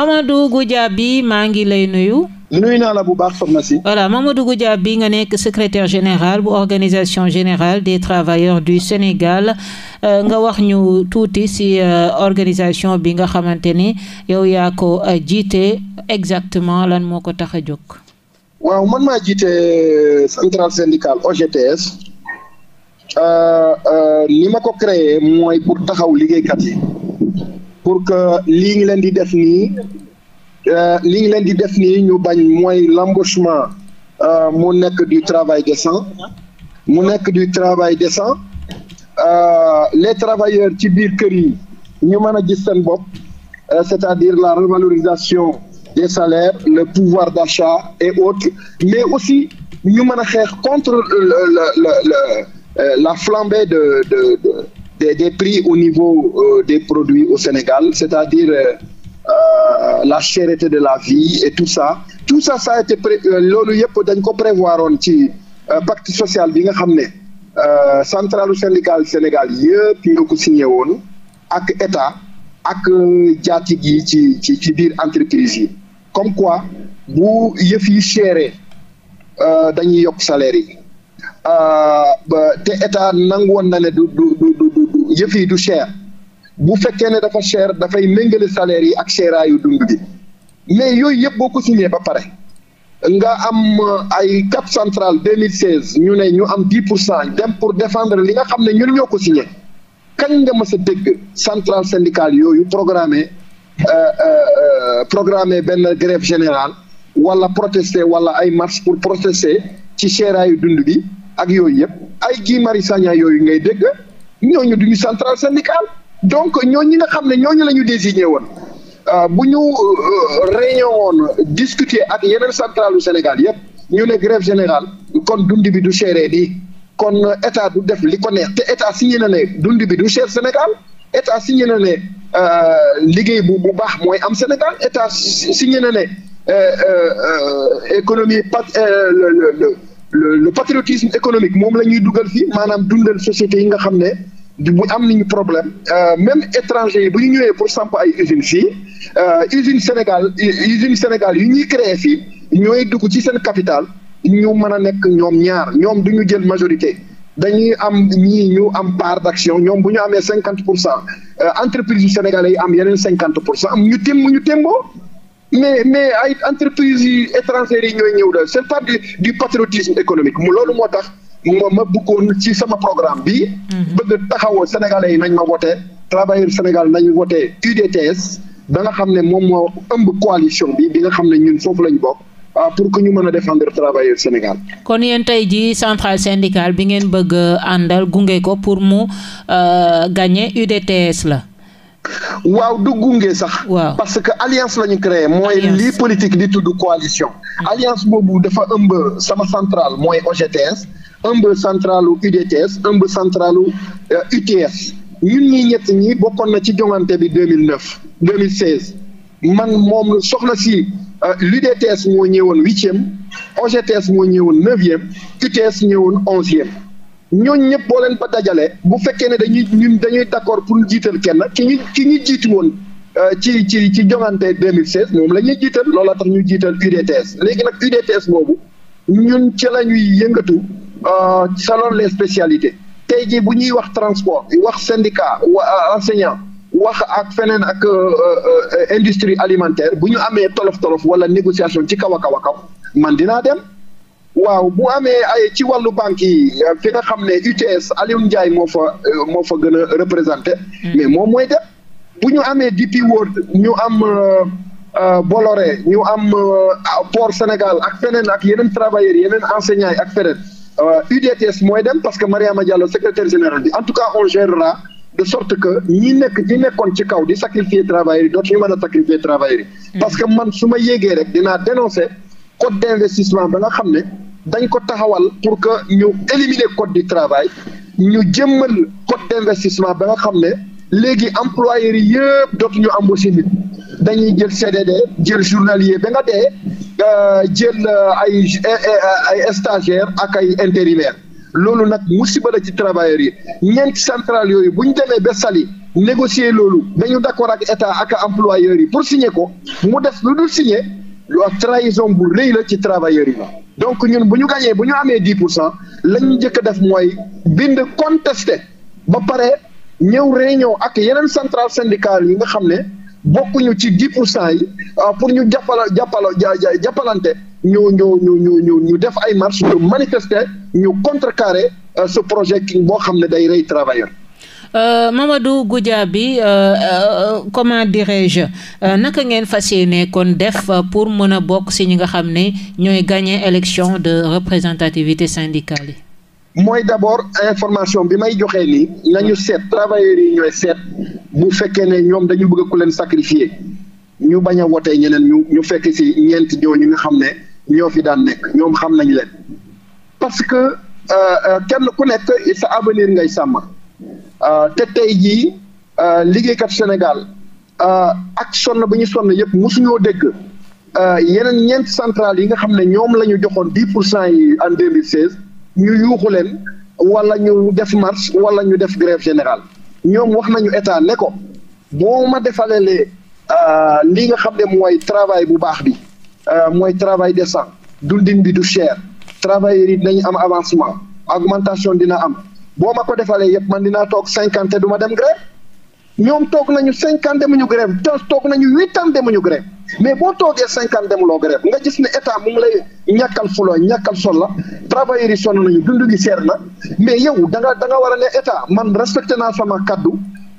Mamadou Goudiaby maa ngi lay nuyu. nuyu naa la bu baax soxna si. voilà Mamadou Goudiaby nga nekk secretaire général bu organisation général des travailleurs du Sénégal euh, nga wax ñu tuuti si euh, organisation bi nga xamante ni yow yaa ko euh, jiite exactement lan moo ko tax a jóg. waaw man maa jiite centrale syndicale OGTS. ni ma ko créé mooy pour taxaw liggéeykat yi. pour que lii ñu leen di def nii euh, lii ñu leen di def nii ñu bañ mooy l'embauchement mu nekk du travail san mu nekk du travail décent euh, les travailleurs ci biir kër yi ñu mën a gis seen bopp euh, c'est-à-dire la revalorisation des salaires le pouvoir d'achat et autres mais aussi ñu mën a xeex contre le, le, la flambée de des, des prix au niveau euh, des produits au Sénégal, c'est-à-dire euh, euh la cherté de la vie et tout ça. Tout ça, ça été pré euh, loolu yëpp dañ ko prévoiroon ci euh, pacte sociale bi nga xam ne centralu syndical Sénégal yëpp ñoo ko signé woon ak état ak jaatig yi ci ci ci biir entreprise yi comme quoi bu yëf yi chéré dañuy yokk salaire yi. Uh, ba état nangu woon na ne du yëf du cher bu fekkee ne dafa cher dafay méngale salaire yi ak seeraayu dund gi mais yooyu yëpp boo ko signé ba pare nga am euh, ay cap central 2016 ñu ne ñu am 10 pour cent dem pour defendre li nga xam ne ñun ñoo ko signé kañ nga mës a dégg central syndical yooyu programmé euh, euh, programme benn grève général wala protester wala ay marche pour protester ci seeraayu dund bi ak yooyu yëpp ay Guy Marius Sagna yooyu ngay dégg. ñooñu duñu central syndical donc ñooñu nga xam ne ñooñu la ñu désigné woon euh, bu ñu euh, réunion woon discuter ak yeneen centralu Sénégal yëpp ñu ne grève générale kon dund bi du chéré di kon état du def li ko neex te état signé na ne dund bi du cher Sénégal état signé na ne euh, liggéey bu bu baax mooy am Sénégal état signé na ne économie pat le le. le le patriotisme économique moom la ñuy dugal fii maanaam dundal société yi nga xam ne du am nañu problème euh, même étranger yi bu ñu ñëwee pour samp ay usines fii euh, usine Sénégal usine Sénégal yu ñuy créer fii ñooy dugg ci seen capital ñu mën a nekk ñoom ñaar ñoom du ñu jël majorité dañuy am ñii ñu am part d'action ñoom bu ñu amee cinquante pour cent euh, entreprise yu sénégalais yi am yeneen cinquante pour cent ñu tém ñu témboo mais mais ay entreprises yi étrangères yi ñooy ñëw daal c'est pas du du patriotisme économique mu loolu moo tax ma ma bëggoon ci sama programme bi mhm. bëgg taxawoo sénégalais yi nañ ma wote travailleurs sénégal nañu wote UDTS da nga xam ne moom moo ëmb coalition bi bi nga xam ne ñun foofu lañ bokk ah, pour que ñu mën a défendre travailleurs sénégal kon yéen tey ji centrale syndicale bi ngeen bëgg àndal gunge ko pour mu euh, gagner UDTS la waaw du gunge sax. waaw parce que alliance la créer mooy lii politique di tudd coalition. Mm. alliance boobu dafa ëmb sama centrale mooy OGTS ëmb centralu UDTS ëmb centralu UTS euh, ñun ñii ñett ñi bokkoon na ci joŋante bi 2009 2016 man moom soxna si. Uh, l'UDTS moo ñëwoon huitième OGTS moo ñëwoon neuvième UTS ñëwoon onzième ñooñ ñëpp boo leen ba dajalee bu fekkee ne dañuy ñun dañuy d'accord pour jiital kenn ki ñu ki ñu jiitu woon euh, ci ci ci joŋante 2016 moom la ñuy jiital loolaa tax ñu jiital UDTS léegi nag UDTS boobu ñun ci la ñuy yëngatu euh, selon les spécialités tey jii bu ñuy wax transport wax syndicat wa euh, enseignant wax ak feneen ak industrie alimentaire bu ñu amee tolof tolof wala négociation ci kaw a kaw a kaw man dinaa dem. waaw bu amee ay ci wàllu banque yi fi nga xam ne UTS Alioune Ndiaye moo fa moo fa gën a représenté. Hmm. mais moom mooy def bu ñu amee DP World ñu am. Uh, Bolloré ñu am uh, Port Sénégal ak feneen ak yeneen travailleurs yeneen enseignants yi ak feneen uh, UDTS mooy dem parce que Mariama Diallo secrétaire général bi en tout cas on gérera de sorte que ñi nekk ñi nekkoon ci kaw di sacrifier travailleurs yi dootuñu mën a sacrifier travailleurs hmm. parce que man su ma yéegee rek dinaa dénoncer. code d' ba nga xam ne dañ ko taxawal pour que ñu éliminer code du travail ñu jëmmal code d' ba nga xam ne léegi employeurs yi yëpp dootuñu embauché nit dañuy jël CDD jël journalier ba nga dee euh, jël euh, ay ay stagiaires ak ay intérimaires loolu nag musiba la ci travailleurs yi ñeenti centrale yooyu bu ñu demee ba Saly négocier loolu dañu d' accord ak état ak employeurs yi pour signer ko mu def lu dul signer. lu ak trahison bu rëy la ci travailleurs yi la donc ñun bu ñu gañee bu ñu amee dix pour cent la ñu njëkk a def mooy bind contesté ba pare ñëw ñëw ak yeneen centrale syndicale yi nga xam ne bokkuñu ci dix pour cent yi euh, pour ñu jàppala jàppala jàppalante ñu ñu ñu ñu ñu ñu def ay marche ñu manifester ñu contrecarrer euh, ce projet ki boo xam ne day rey travailleurs Euh, Mamadou bi euh, euh, comment dirais-je naka ngeen fas ne kon def pour mën a bokk si ñi nga xam ne ñooy gagner élection de représentativité syndicale yi. mooy d'abord information bi may joxee nii nañu seet travailleurs yi ñooy seet bu fekkee ne ñoom dañu bëgg ku leen sacrifier ñu bañ a wotee ñeneen ñu ñu fekk ci ñeent ñooñu nga xam ne ñoo fi daan nekk ñoom xam nañ leen parce que kenn ku nekk sa avenir ngay sàmm Euh, te tey jii euh, liggéeykat Sénégal ak sonn bu ñu sonn yëpp mosuñoo dégg euh, yeneen ñeent centrale yi nga xam ne ñoom lañu joxoon dix cent yi en deux mille ñu yuuxu leen wala ñu def marche wala ñu def grève générale ñoom wax nañu état ne ko boo ma defalee defalelee li nga xam ne mooy travail bu baax bi mooy travail décent dundin bi du cher travailleurs yi dinañ am avancement augmentation dina am boo ma ko defalee yëpp man dinaa toog cinquante du ma dem grève ñoom toog nañu cinquante demuñu grève toog nañu huit ans demuñu grève mais boo toogee cinquante demuloo grève nga gis ne état mu ngi lay ñàkkal fuloo ñàkkal sol la travailleurs yi sonn nañu dund gi seer na mais yow da nga da nga ne état man respecté naa sama kaddu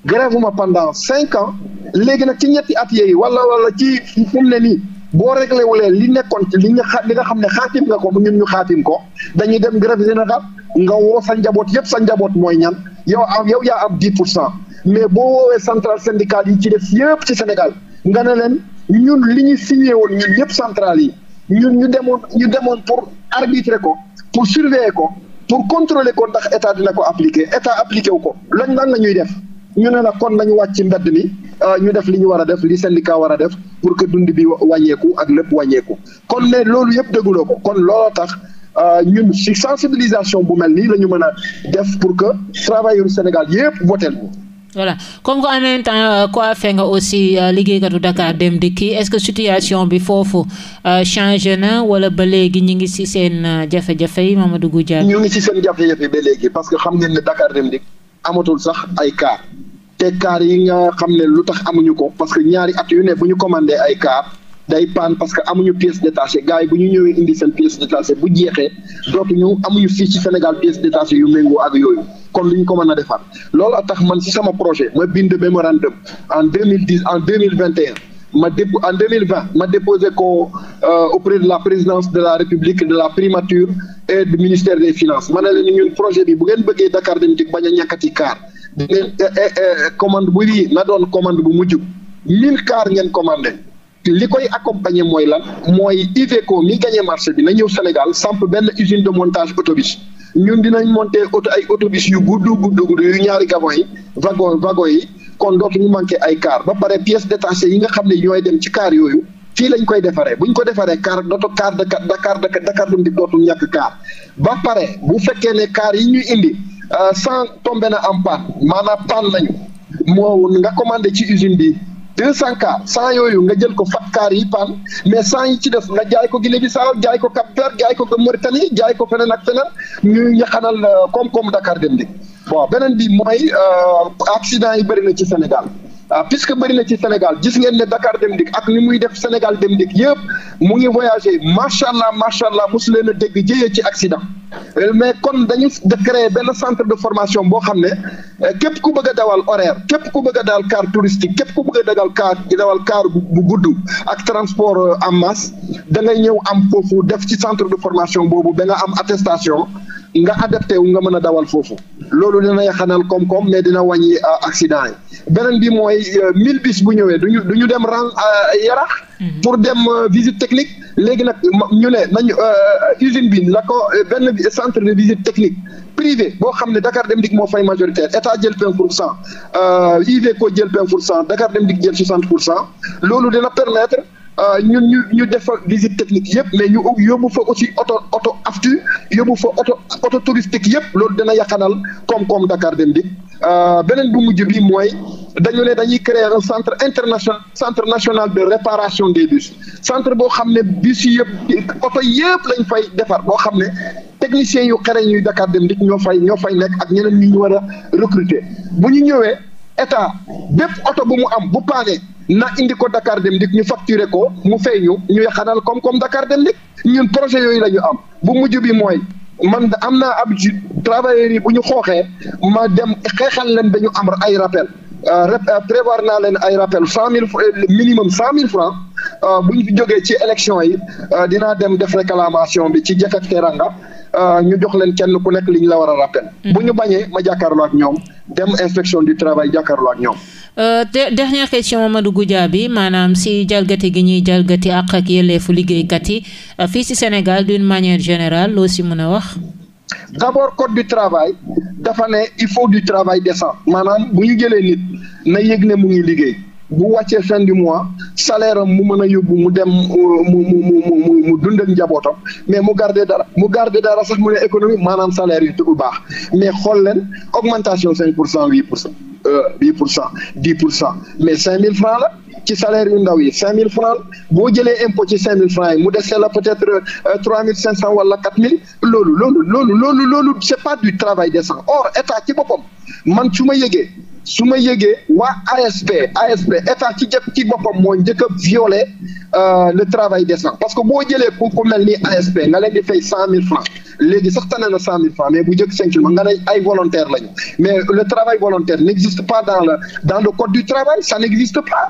grève ma pendant cinq ans léegi nag ci ñetti at yi wala wala ci fu ne nii boo réglé wulee li nekkoon ci li nga xa li nga xam ne xaatim nga ko mu ñun ñu xaatim ko dañuy dem grève générale nga woo sa njaboot yëpp sa njaboot mooy ñan yow am yow yaa am dix pour cent mais boo woowee centrale syndicale yi ci def yëpp ci Sénégal nga ne leen ñun li ñu signé woon ñun yëpp centrale yi ñun ñu demoon ñu demoon pour arbitrer ko pour surveiller ko pour contrôler ko ndax état dina ko appliquer état appliqué wu ko lañ lan la ñuy def ñu ne la kon nañu wàcc mbedd mi euh, ñu def li war a def li syndicat war a def pour que dund bi wàññeeku ak lépp wàññeeku kon mais loolu yëpp déguloo ko kon looloo tax euh, ñun ci sensibilisation bu mel nii la ñu mën a def pour que travailleurs Sénégal yëpp voteel ko voilà comme que en même temps coiffé euh, nga aussi liggéeykatu Dakar Dem Dikki est-ce que situation bi foofu changer na wala ba léegi ñu ngi ci seen jafe-jafe yi Mamadou Goudiaby ñu ngi ci seen jafe parce que xam ngeen ne Dakar Dem amatul sax ay car te car yi nga xam ne lu tax amuñu ko parce que ñaari at yu ne bu ñu commandee ay car day paan parce que amuñu pièce détachée gars yi bu ñu ñëwee indi seen pièce détachée bu jeexee dootuñu amuñu fii ci Sénégal pièce détachée yu méngoo ak yooyu kon lu ñu ko mën a defar loolu a tax man si sama projet ma bind mémorandum en deux mille dix en deux mille vingt et un ma dépo en 2020 ma déposé ko euh, auprès de la présidence de la République de la primature et du ministère des finances ma ne leen ñun projet bi bu ngeen bëggee Dakar Dem Dikk bañ a ñàkkati kaar da eh, eh, eh, commande bu bii na doon commande bu mujj mille kaar ngeen commandé li koy accompagner mooy lan mooy Iveco mi gagné marché bi na ñëw Sénégal samp benn usine de montage autobus ñun dinañ monter auto ay autobus yu gudd gudd gudd yu ñaari gabon yi wagon wagon yi kon ñu manqué ay car ba pare pièces détachées yi nga xam ne ñooy dem ci car yooyu fii lañ koy defaree buñ ko defaree car dootu car de Dakar de Dakar du di dootul ñàkk car ba pare bu fekkee ne car yi ñuy indi euh, sans tombé na en panne maanaam panne nañu moo nga commandé ci usine bi deux cent car cent yooyu nga jël ko fat car yi panne mais cent yi ci def nga jaay ko Guinée Bissau jaay ko Cap Vert jaay ko Mauritanie jaay ko feneen ak feneen ñu ñaxanal euh, koom-koom Dakar dem di bon beneen bi mooy euh, accident yi bëri na ci Sénégal euh, puisque bëri na ci Sénégal gis ngeen ne Dakar Dem Dikk ak ni muy def Sénégal Dem Dikk yëpp mu ngi voyagé macha allah macha allah mosu leen a dégg jëyee ci accident. Euh, mais kon dañu de créer benn centre de formation boo xam ne képp ku bëgg a dawal horaire képp ku bëgg daal dawal car touristique képp ku bëgg a dawal car dawal car bu gudd ak transport en masse da ñëw am foofu def ci centre de formation boobu ba nga am attestation. nga adapté wu nga mën a dawal foofu loolu dina yaxanal koom-koom mais dina wàññi euh, accident yi beneen bi mooy euh, mille bis bu ñëwee du ñu dem ren euh, yarax mhm. pour dem visite technique léegi nag ñu ne nañu usine bi la ko benn centre de visite technique privé boo xam ne Dakar Dem Dikk moo fay majoritaire état jël vingt pour cent UV ko jël vingt pour cent Dakar Dem Dikk jël soixante pour cent loolu dina permettre Euh, ñun ñu ñu def fa technique yëpp mais ñu yóbbu fo aussi oto oto aftu yóbbu fo oto oto touristique yëpp loolu dana yàqanal koom-koom Dakar Dem Dikk euh, beneen bu mujj bi mooy dañu ne dañuy créer un centre international centre national de réparation des bus centre boo xam ne bus yëpp oto yëpp lañ fay defar boo xam ne techniciens yu xereñ yu Dakar Dem Dikk ñoo fay ñoo fay nekk ak ñeneen ñi ñu war a recruter bu ñu ñëwee état bépp oto bu mu am bu paanee na indi ko Dakar Dem Dikk ñu facturer ko mu fay ñu ñu yaxanal koom-koom Dakar Dem Dikk ñun projet yooyu la am bu mujj bi mooy man da am na ab ji travailleurs yi bu ñu xooxee ma dem xeexal leen dañu am ay rappel euh, euh, prévoir naa leen ay rappel cent mille euh, minimum cent mille francs bu ñu fi jógee ci élection yi dinaa dem def réclamation bi ci Jëkk ak Teranga ñu jox leen kenn ku nekk li ñu la war a rappel mm-hmm. bu ñu bañee ma jàkkaarloo ak ñoom dem inspection du travail jàkkaarloo ak ñoom Euh, dernière question Mamadou Goudiaby maanaam si jalgati gi ñuy jalgati àq ak yelleefu liggéeykat yi euh, fii si Sénégal d'une manière général loo si mën a wax. d'abord code du travail dafa il faut du travail décent maanaam bu ñu jëlee nit na yëg ne mu ngi liggéey bu wàccee fin du mois salaire mu mën a yóbbu mu dem euh, mu mu mu dund ak njabootam mais mu garder dara mu garder dara sax mu ne économie maanaam salaire yu baax mais xool leen augmentation cinq pour cent huit huit euh, pour cent dix pour cent mais cinq mille francs la ci salaire yu ndaw yi cinq mille francs boo jëlee impôt ci cinq mille francs yi mu dese la peut-être euh, trois mille cinq cent wala quatre mille loolu loolu loolu loolu loolu c'est pas du travail décent or état ci boppam man su ma yëgee su ma yëgee waa ASP ASP état ci jëpp ci boppam moo njëkk a violer euh, le travail décent parce que boo jëlee ku ku mel ni ASP nga leen di fay cent mille francs léegi sax tane na cent mille francs mais bu njëkk cinq mille nga ne ay volontaire lañu mais le travail volontaire n'existe pas dans le dans le code du travail ça n'existe pas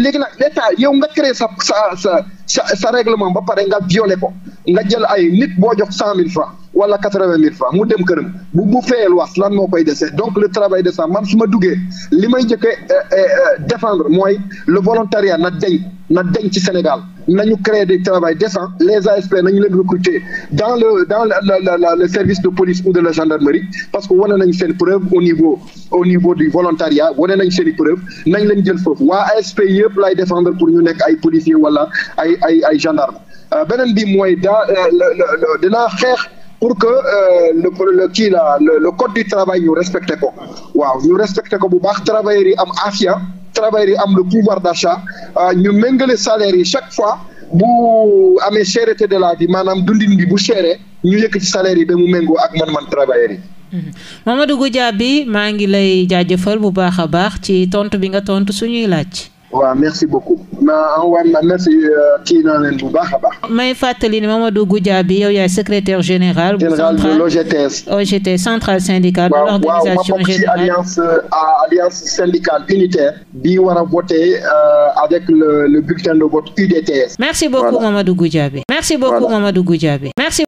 léegi nag l'état yow nga créé sa sa sa sa sa règlement ba pare nga violé ko nga jël ay nit boo jox cent mille francs wala quatre-vingt mille francs mu dem këram bu bu fayee luwaas lan moo koy dese donc le travail de ça man su ma duggee li may njëkkee euh, euh, euh, défendre mooy le volontariat na deñ na deñ ci Sénégal nañu créer des travail décent les ASP nañu leen recruter dans le dans la service de police ou de la gendarmerie parce que wane nañ seen preuve au niveau au niveau du volontariat wane nañ seen preuve nañ leen jël foofu waa ASP yëpp lay défendre pour ñu nekk ay policiers wala ay ay ay gendarme euh, beneen bi mooy daa euh, dinaa xeex pour que euh, le le kii la le code du travail ñu respecté ko waaw ñu respecté ko bu baax travailleurs am afia travailleurs yi am le pouvoir d'achat euh, ñu méngale salaire yi chaque fois bu amee cherté de la bi maanaam dundin bi bu chéré ñu yëkk ci salaire yi damu mu méngoo ak man-man travailleurs yi mhm. Mamadou bi maa ngi lay jaajëfal bu baax a baax ci tontu bi nga tontu suñuy laaj waa merci beaucoup naa war na na si kii naa leen bu baax a baax. may fàttali ne Mamadou Goudiaby yow yaay secretaire général. général de l'OGTS. OGT centrale syndicale. de l'organisation générale euh, unitaire. bi war voter euh, avec le le bulletin de vote UDTS. merci beaucoup Mamadou Goudiaby. merci beaucoup Mamadou Goudiaby. merci.